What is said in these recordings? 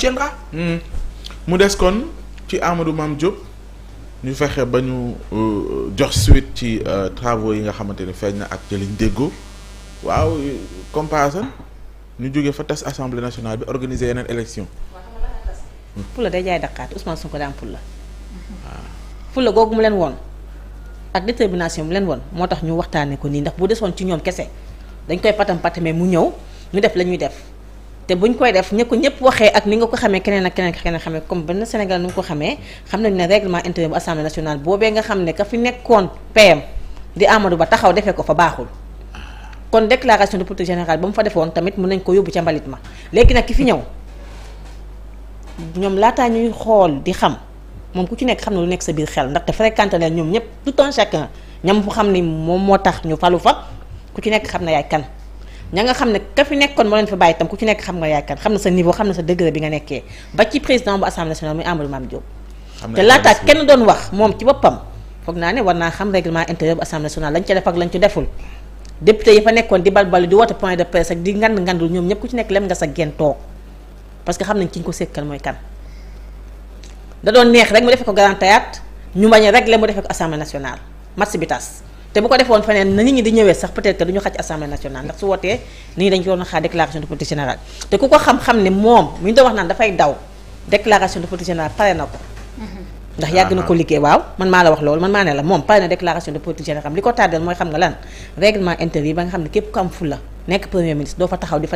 tiendra hmm. mu des kon ci Amadou Mame Diop ñu fexe ba ñu euh, jox suite ci euh, travaux yi nga xamante ni feeñ na ak te liñ déggoo waaw comparaison ñu jógee fa tas assemblée nationale bi organiser yeneen élection Pula day jaay daqaate Ousmane Sonko daan Pula. Pula ah. googu mu leen woon ak détermination mu leen woon moo tax ñu waxtaanee ko nii ndax bu desoon ci ñoom kese dañ koy patam patamee mu ñëw ñu def la ñuy def. te bu buñ koy def ña ko ñëpp waxee ak ni nga ko xamee keneen ak keneen ak keneen xamee comme benn Sénégal ni nga ko xamee xam nañ ne règlement intérieur bu assemblée nationale boobee nga xam ne ka fi nekkoon PM di Amadou Ba taxaw defee ko fa baaxul. kon déclaration de politique générale ba fa defoon tamit mën nañ ko yóbbu ca ma léegi nag ki fi ñëw ñoom laataa ñuy xool di xam moom ku ci nekk xam ne lu nekk sa biir xel ndaxte fréquenté na ñoom ñëpp tout un chacun ñam fu xam ni moom moo tax ñu falu fa ku ci nekk xam na yaay kan. ña nga xam ne ka fi nekkoon moo leen fa bàyyi itam ku ci nekk xam nga yaay kan xam na sa niveau xam na sa degré bi nga nekkee ba ci président bu assemblée nationale muy Amadou Mame Diop te laataa kenn doon wax moom ci boppam foog naa ne war naa xam règlement intérieur bu assemblée nationale lañ ca def ak lañ ci deful député yi fa nekkoon di balbal di woote point de presse ak di ngand ngandul ñoom ñëpp ku ci nekk lem nga sa gen toog parce que xam nañ ki ñu ko sekkal mooy kan da doon neex rek mu defee ko Grand Théâtre ñu bañ a régler mu defee ko assemblée nationale bi tas te bu ko defoon feneen na nit ñi di ñëwee sax peut-être que du ñu xaj assemblée nationale ndax su wootee nit ñi dañu ko doon xaar déclaration de politique générale te ku ko xam-xam ne moom bu ñu doon wax naan dafay daw déclaration de politique générale pare na ko ndax yàgg na ko liggéey waaw man maa la wax loolu man maa ne la moom pare na déclaration de politique générale li ko tardeel mooy xam nga lan règlement intérieur ba nga xam ne képp ku am fulla nekk premier fa taxaw de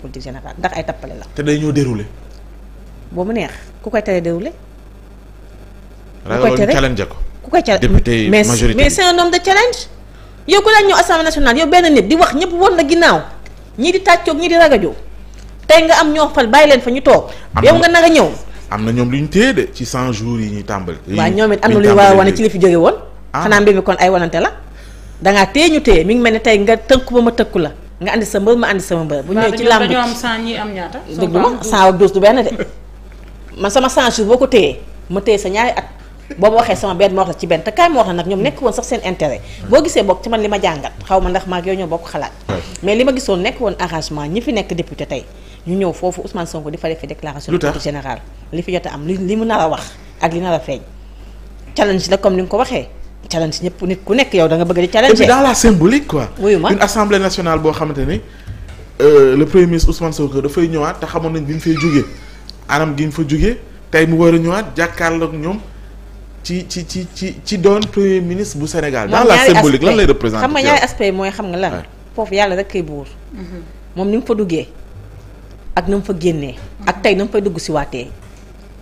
politique générale ndax ay tappale la ku koy tere déroulé ku koy tere challenge ko ku ko ca député majorité mais mais c'est un homme de challenge. yow ku la ñëw assemblée nationale yow benn nit di wax ñëpp woon la ginnaaw ñii di tàccoog ñii di ragajoo tey nga am ñoo fal bàyyi leen fa ñu toog. yow nga nag a ñëw. am na ñoom lu ñu téye de ci 100 jours yi ñuy tàmbali. waaw ñoom it am na lu ñu war a wane ci li fi jóge woon. Ah. xanaa mbir mi kon ay wanante la. da ngaa téye ñu téye mi ngi mel ne tey nga tënku ba ma tëkku la nga andi sa mbër ma andi sama mbër. bu ñëwee ci làmb dañoo am ñaata. dëgg ma 100 ak 12 du benn sama 100 boo ko téyee ma téye sa ñaari at boo ma waxee sama benn ma wax la ci benn te kaay ma wax la nag ñoom nekk woon sax seen intérêt boo gisee bokk ci man li ma jàngat xaw ma ndax maag yow ñoo bokk xalaat mais li ma gisoon nekk woon arrangement ñi fi nekk député tey ñu ñëw foofu Ousmane Sonko di fa defee déclaration a am li li mu a wax ak li a feeñ challenge la comme ni nga ko waxee challenge ñëpp nit ku nekk yow da bëgg di challenge dans la symbolique quoi oui ma une assemblée nationale boo xamante ni euh, dafay ñëwaat te xamoon nañ bi ñu fay jógee anam gi ñu fa jógee tey mu war a ñëwaat jàkkaarloog ñoom ci ci ci ci ci doon premier ministre bu Sénégal. dans la symbolique lan lay représenté. xam ñaari aspect mooy xam nga lan. foofu yàlla rek kay buur. Mhm. moom ni mu fa duggee ak na mu fa génnee. ak tey na mu fay dugg si waatee.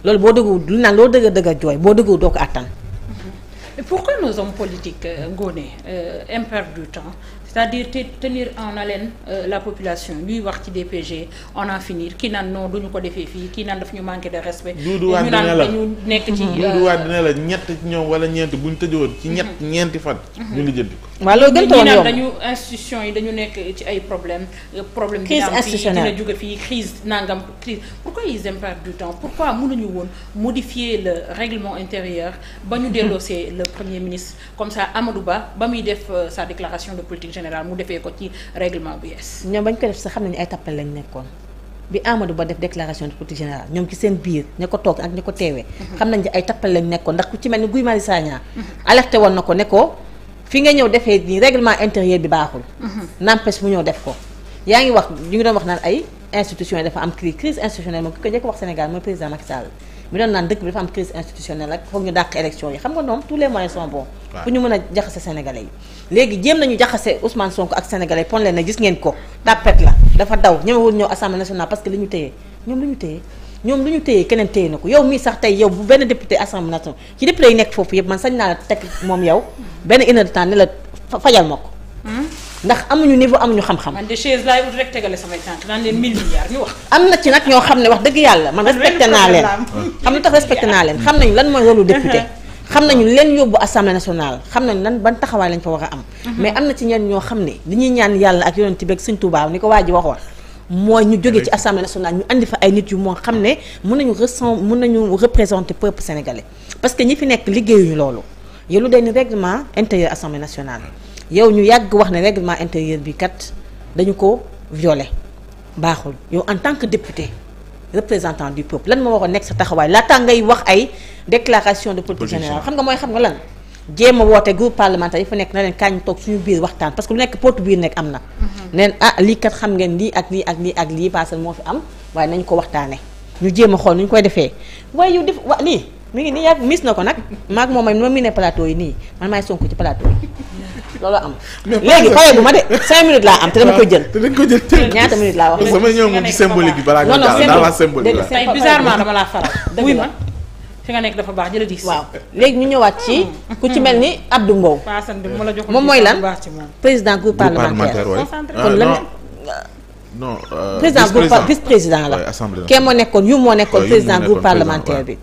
loolu boo dëgguwul lu naan loo dëgg dëgg a jooy boo dëgguwul doo ko attan. Mhm. pourquoi nos hommes politiques ngoone euh, euh du temps c'est-à-dire te tenir en haleine euh, la population ñuy wax ci DPG on en finir kii naan non duñu ko defee fii kii naan daf ñu manqué de respect. duudu waat dina la ñu nekk ci. duudu euh, waat dina la ñett ci ñoom wala ñeenti buñ tëjoon. ci ñett mhm. ñeenti fan. Mhm. ñu lijjanti ko. waaw loolu gën dañu institution yi dañu nekk ci ay problème euh, problème dina am fii dina jóge fii crise nangam crise pourquoi ils aiment perdre du temps pourquoi mënuñu woon modifier le règlement intérieur ba ñu delloosee le premier ministre comme ça Amadou Ba ba muy def sa déclaration de politique générale mu defee ko ci règlement bu yees. ñoom bañ ko def sax xam nañu ay tappale lañ nekkoon bi Amadou Ba def déclaration de politique ñoom ci seen biir ña ko toog ak ña ko teewee. xam nañ ay tappale lañ nekkoon ndax ku ci mel ni Guy Marius Sagna woon na ko ne fi nga ñëw defee nii règlement intérieur bi baaxul. n'empêche mu ñëw def ko. yaa ngi wax ñu ngi doon wax naan ay institution dafa am crise crise institutionnelle moom ki ko njëkk wax Sénégal mi doon naan dëkk bi dafa am crise institutionnelle ak foog ñu dàq élection yi xam nga ñoom tous les moyens sont ñu mën a jaxase sénégalais yi léegi jéem nañu jaxase Ousmane Sonko ak sénégalais pon leen na gis ngeen ko tàppet la dafa daw ñëwewul ñëw assemblée nationale parce que li ñu téyee ñoom li ñu téyee ñoom lu ñu téye keneen téye na ko yow mii sax tey yow bu benn député assemblée nationale ci député yi nekk foofu yëpp man sañ naa la teg moom yow benn une heure de temps fajal ma ndax amuñu niveau amuñu xam-xam. man de chaise laay ut am na ci nag ñoo xam ne wax dëgg yàlla man respecté naa leen xam na tax respecté naa leen xam nañu lan mooy rôle député xam nañu leen yóbbu assemblée nationale xam nañu lan ban taxawaay lañ fa wax a am mhm. mais am na ci ñenn ñoo xam ne li ñuy ñaan yàlla ak yonent bi ak sëñ Tuubaa ni ko waa ji waxoon mooy ñu jóge ci assemblée nationale ñu indi fa ay nit yu moo xam ne mun nañu resen mën nañu représenter peuple sénégalais parce que ñi fi nekk liggéeyuñu loolu yow lu day ni règlement intérieur assemblée nationale yow ñu yàgg wax ne règlement intérieur bi kat dañu ko violé baaxul yow en tant que député représentant du peuple lan moo waxoon nekk sa taxawaay laata ngay wax ay déclaration de politique générale xam nga mooy xam nga lan jéem a woote groupe parlementaire yi fa nekk na leen kañ toog suñu biir waxtaan parce que lu nekk porte biir nekk am na mhm. neen ah lii kat xam ngeen lii ak lii ak lii ak lii parce moo fi am waaye nañ ko waxtaane ñu jéem a xool nu ñu koy defee waaye yow def wa lii mi ngi nii yàgg mis na ko nag maag moom may ma mu nii man maay sonko loolu am. léegi pare bu ma de 5 minutes laa am te dama koy jël. te dama koy jël te ñaata minutes laa wax. sama ñëw moom ci symbolique bi balaa nga daal daal la symbolique la. tey bizarrement dama laa faral. dëgg la fi nga nekk dafa baax jëla diis. waaw léegi ñu ñëwaat ci. Mm. ku ci mel ni Abdou Mbow. moom mooy lan président groupe parlementaire kon euh, lan non euh, président groupe vice président la. kee moo nekkoon yu moo nekkoon président groupe parlementaire bi.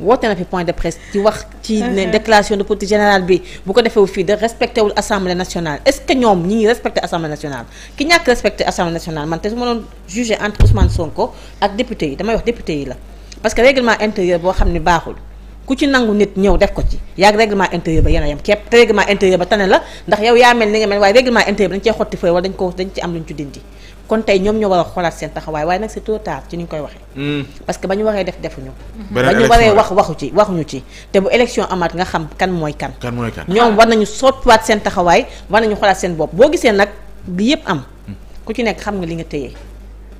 woote na fi point de presse ci wax ci ne uh-huh. déclaration de politique générale bi bu ko defee fii de respecté wul assemblée nationale est ce que ñoom ñi ngi respecté assemblée nationale ki ñàkk respecté assemblée nationale man te su ma doon jugé entre Ousmane Sonko ak député yi damay wax député yi la parce que règlement intérieur boo xam ne baaxul ku ci nangu nit ñëw def ko ci yaa règlement intérieur ba yéen a yem képp te règlement intérieur ba tane la ndax yow yaa kon tey ñoom ñoo war a xoolaat seen taxawaay waaye nag c'est trop tard ci ni ñu koy waxee. Hmm. parce ba ñu waree def defuñu. ba ñu waree wax waxu ci waxuñu ci te bu élection amaat nga xam kan mooy kan. kan mooy ñoom war nañu soppiwaat seen taxawaay war nañu xoolaat seen bopp boo gisee nag bi yëpp am hmm. ku ci nekk xam nga li nga tëyee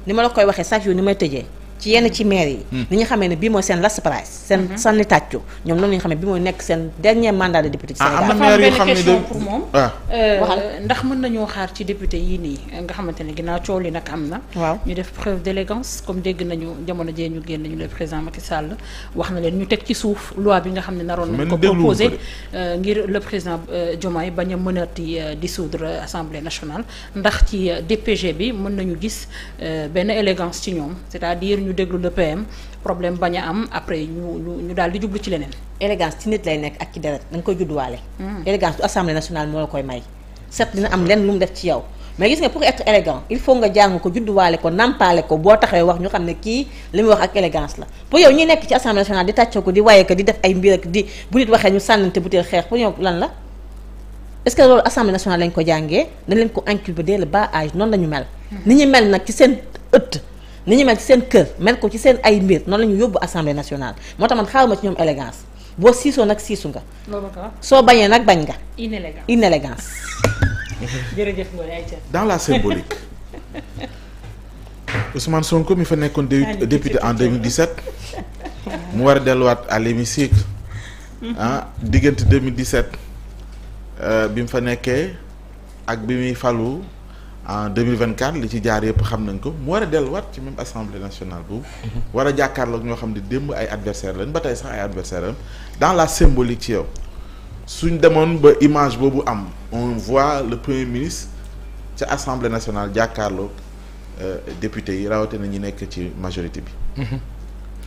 ni ma la koy waxee chaque jour ni may tëjee ci yenn ci maire yi. Hmm. ni ñu xamee ne bii mooy seen last prize. seen hmm. sànni tàccu ñoom noonu la ñu xamee bi mooy nekk seen dernier mandat de député. ci Sénégal ah, am na maire yoo xam euh, ndax mën nañoo xaar ci député yii nii nga xamante ne ginnaaw coow li nag am na. waaw ñu def preuve d'élégance comme dégg nañu jamono jee ñu génn ñu le président Macky Sall wax na leen ñu teg ci suuf loi bi nga xam ne naroon nañu ko proposé euh, ngir le président euh, Diomaye bañ a mënati dissoudre assemblée nationale ndax ci DPG bi mën nañu gis benn élégance ci ñoom ñu déglu le PM problème bañ a am après ñu ñu daal di jublu ci leneen. élégance ci nit lay nekk ak ci deret da nga koy judduwaale. Hmm. élégance du assemblée nationale moo la koy may. certes dina am lenn lu mu def ci yow mais gis nga pour être élégant il faut nga jàng ko judduwaale ko nampaale ko boo taxee wax ñu xam ne kii li muy wax ak élégance la pour yow ñuy nekk ci assemblée nationale di tàccoo ko di waye ko di def ay mbir ak di bu nit waxee ñu sànnante ko jàngee dañ leen ko inculquer dès le ni ñu mel ci seen kër mel ko ci seen ay mbir noonu la ñu yóbbu assemblée nationale moo tax man xaaruma ci ñoom élégance boo siisoo nag siisu nga. soo bañee nag bañ nga. inélégance inélégance. dans la symbolique Ousmane Sonko mi fa nekkoon député en 2017 mu war a delluwaat à l'hémicycle ah diggante 2017 euh, bi mu fa nekkee ak bi muy falu. en 2024 li ci jaar yëpp xam nañ ko mu war a delluwaat ci même assemblée nationale boobu. Mhm. war a jàkkaarloog ñoo xam ne démb ay adversaire lañ ba tey sax ay adversaire dans la symbolique ci yow suñ demoon ba image boobu am on voit le premier ministre ca assemblée nationale jàkkaarloog euh, député yi rawatina ñi nekk ci majorité bi. Mhm.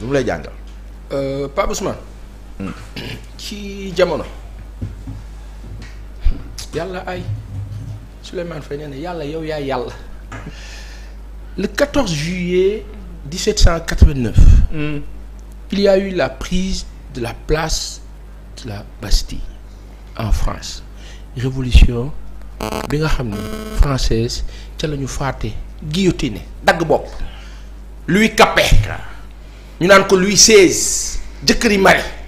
lu mu lay jàngal. Euh, Pape Ousmane. Hmm. ci jamono. ay. Souleymane Faye nee na yàlla yow yaay yàlla le juillet 1789. Mm. il y a eu la prise de la place de la Bastille en France révolution bi nga xam ne française ca la ñu faate guillotiné dagg bopp Louis Capet ah. ñu naan ko Louis jëkkëri Marie